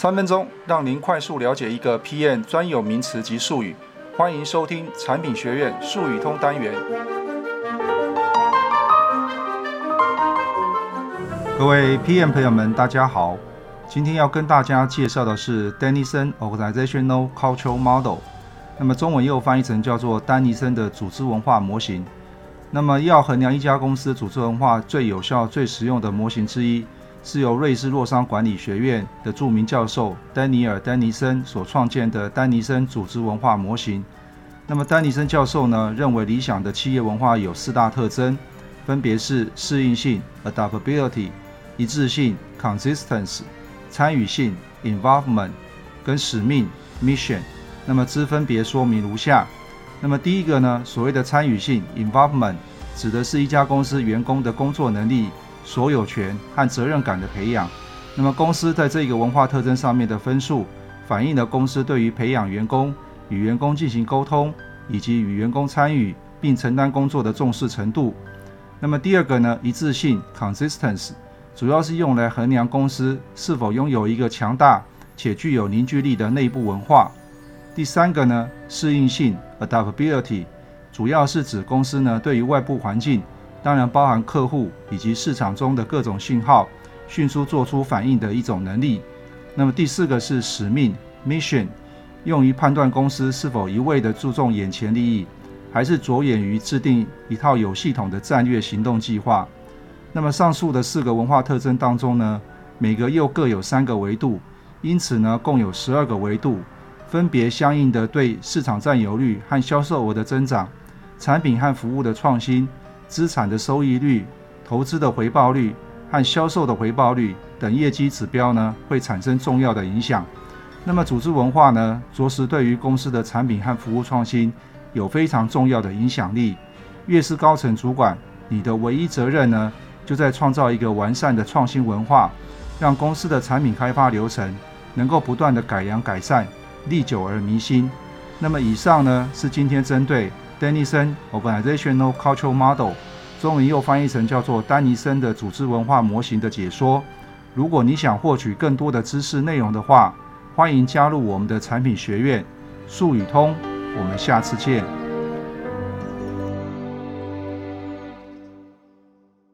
三分鐘讓您快速了解一個 PM 專有名詞及術語，歡迎收聽產品學院術語通單元。各位 PM 朋友們，大家好，今天要跟大家介紹的是 Denison Organizational Cultural Model，那麼中文又翻譯成叫做丹尼森的組織文化模型。那麼要衡量一家公司組織文化最有效、最實用的模型之一。是由瑞士洛桑管理學院的著名教授丹尼爾·丹尼森所創建的丹尼森組織文化模型。那麼，丹尼森教授呢認為理想的企業文化有四大特徵，分別是適應性 （Adaptability）、Adaptability, 一致性 （Consistency）、Consistence, 參與性 （Involvement） 跟使命 （Mission）。那麼之分別說明如下。那麼第一個呢，所謂的參與性 （Involvement） 指的是一家公司員工的工作能力。所有權和責任感的培養，那麼公司在這個文化特徵上面的分數，反映了公司對於培養員工、與員工進行溝通以及與員工參與並承擔工作的重視程度。那麼第二個呢，一致性 （consistency） 主要是用來衡量公司是否擁有一個強大且具有凝聚力的內部文化。第三個呢，適應性 （adaptability） 主要是指公司呢對於外部環境，當然包含客戶以及市場中的各種信號，迅速做出反應的一種能力。那麼第四個是使命 （mission），用於判斷公司是否一味地注重眼前利益，還是着眼於制定一套有系統的戰略行動計劃。那麼上述的四個文化特徵當中呢，每個又各有三個維度，因此呢，共有十二個維度，分別相應的對市場占有率和銷售額的增長、產品和服務的創新。資產的收益率、投資的回報率和銷售的回報率等業績指標呢，會產生重要的影響。那麼，組織文化呢，着實對於公司的產品和服務創新有非常重要的影響力。越是高層主管，你的唯一責任呢，就在創造一個完善的創新文化，讓公司的產品開發流程能夠不斷地改良改善，歷久而彌新。那麼，以上呢，是今天針對 Denison Organizational Cultural Model。中文又翻譯成叫做丹尼森的組織文化模型的解說。如果你想獲取更多的知識內容的話，歡迎加入我們的產品學院術語通。我們下次見。